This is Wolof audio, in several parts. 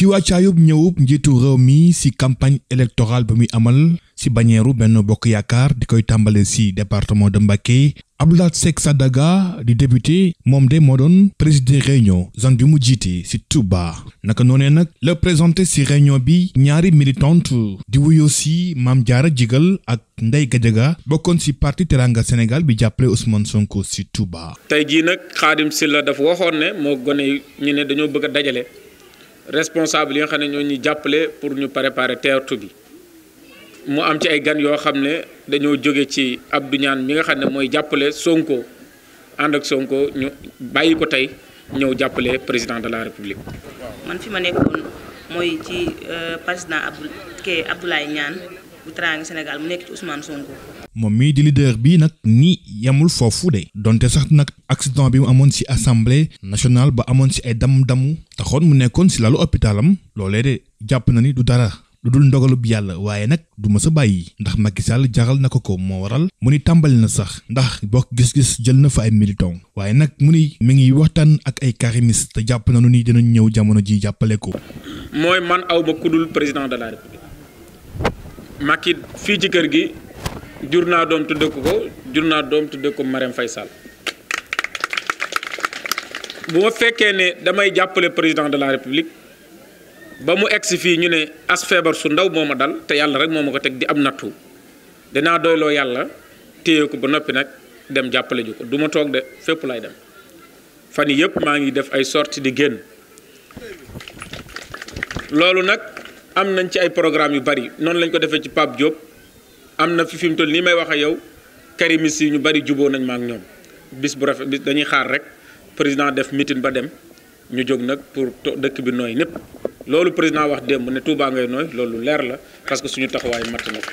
si wàccaayub ñëwub njiitu réew mi si campagne électorale ba muy amal si bañeeru benn bokk yaakaar di koy tàmbale si département de Mbacké Abdou Lahad Seck Sadaga di député moom de moo doon président réunion zone bi mu jiite ci ba naka noonee nag la présenté ci réunion bi ñaari militante di wuyo ci Mame Diarra Djigal ak Ndeye Gadiaga bokkoon ci parti Teranga Sénégal bi jàppale Ousmane Sonko ci Touba. tey jii nag Khadim Sylla dafa waxoon ne moo gone ñu ne dañoo responsable yi nga xam ne ñoo ñuy jàppale pour ñu préparer teertu bi mu am ci ay gan yoo xam ne dañoo jóge ci Abdou ñaan mi nga xam ne mooy jàppale Sonko ànd ak Sonko ñu bàyyi ko tey ñëw jàppale président de la république. man fi ma nekkoon mooy ci euh, président Abdou Abdoulaye Niane. bu moom mii di leader bi nag ni yemul foofu de donte sax nag accident bi mu amoon ci assemblée nationale ba amoon ci ay dam-damu taxoon mu nekkoon ci lalu hôpitalam loolee de jàpp na ni du dara. lu dul ndogalub yàlla waaye nag du ma sa bàyyi ndax Macky Sall jaral na ko ko moo waral mu ni tàmbali na sax ndax bokk gis-gis jël na fa ay militant waaye nag mu ni mi ngi waxtaan ak ay karimis te jàpp na nu ni dinañ ñëw jamono ji jàppale ko. mooy man aw ba Macky fii ci kër gi jur naa doom tudde ko jur naa doom tudde ko Marème Faye Sall bu ma fekkee ne damay jàppale président de la république ba mu egsi fii ñu ne as feebar su ndaw moom ma dal te yàlla rek moom ma ko teg di am nattu danaa doyloo yàlla téye ko ba noppi nag dem jàppale ju ko du ma toog de fépp lay dem fan yii yëpp maa ngi def ay sortie di génn loolu nag. am nañ ci ay programme yu bari noonu lañ ko defee ci Pape Diop am na fi fi mu toll nii may wax ak yow karimis yi ñu bari juboo nañ ma ak ñoom bis bu rafet bis dañuy xaar rek président def meeting ba dem ñu jóg nag pour dëkk bi nooy népp loolu président wax démb ne Touba ngay nooy loolu leer la parce que suñu taxawaay matt na ko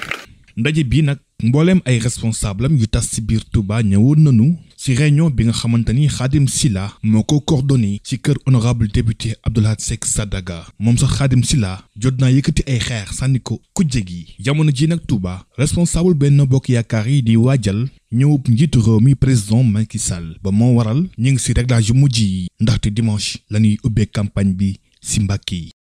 ndaje bii nag mbooleem ay responsable am yu tas ci biir Touba ñëwoon nañu ci réunion bi nga xamante ni Khadim Silla moo ko coordonné ci kër honorable député Abdoulaye Seck Sadaga moom sax xaadim Silla jot naa yëkkati ay xeex sànni ko kujje gi jamono ji nag Touba responsable benn bokk yaakaar yi di waajal ñëwub njiitu réew mi président Macky Sall ba moo waral ñu ngi ci réglage yu mujj yi ndaxte dimanche lañuy ñuy ubbee campagne bi ci Mbàkke yi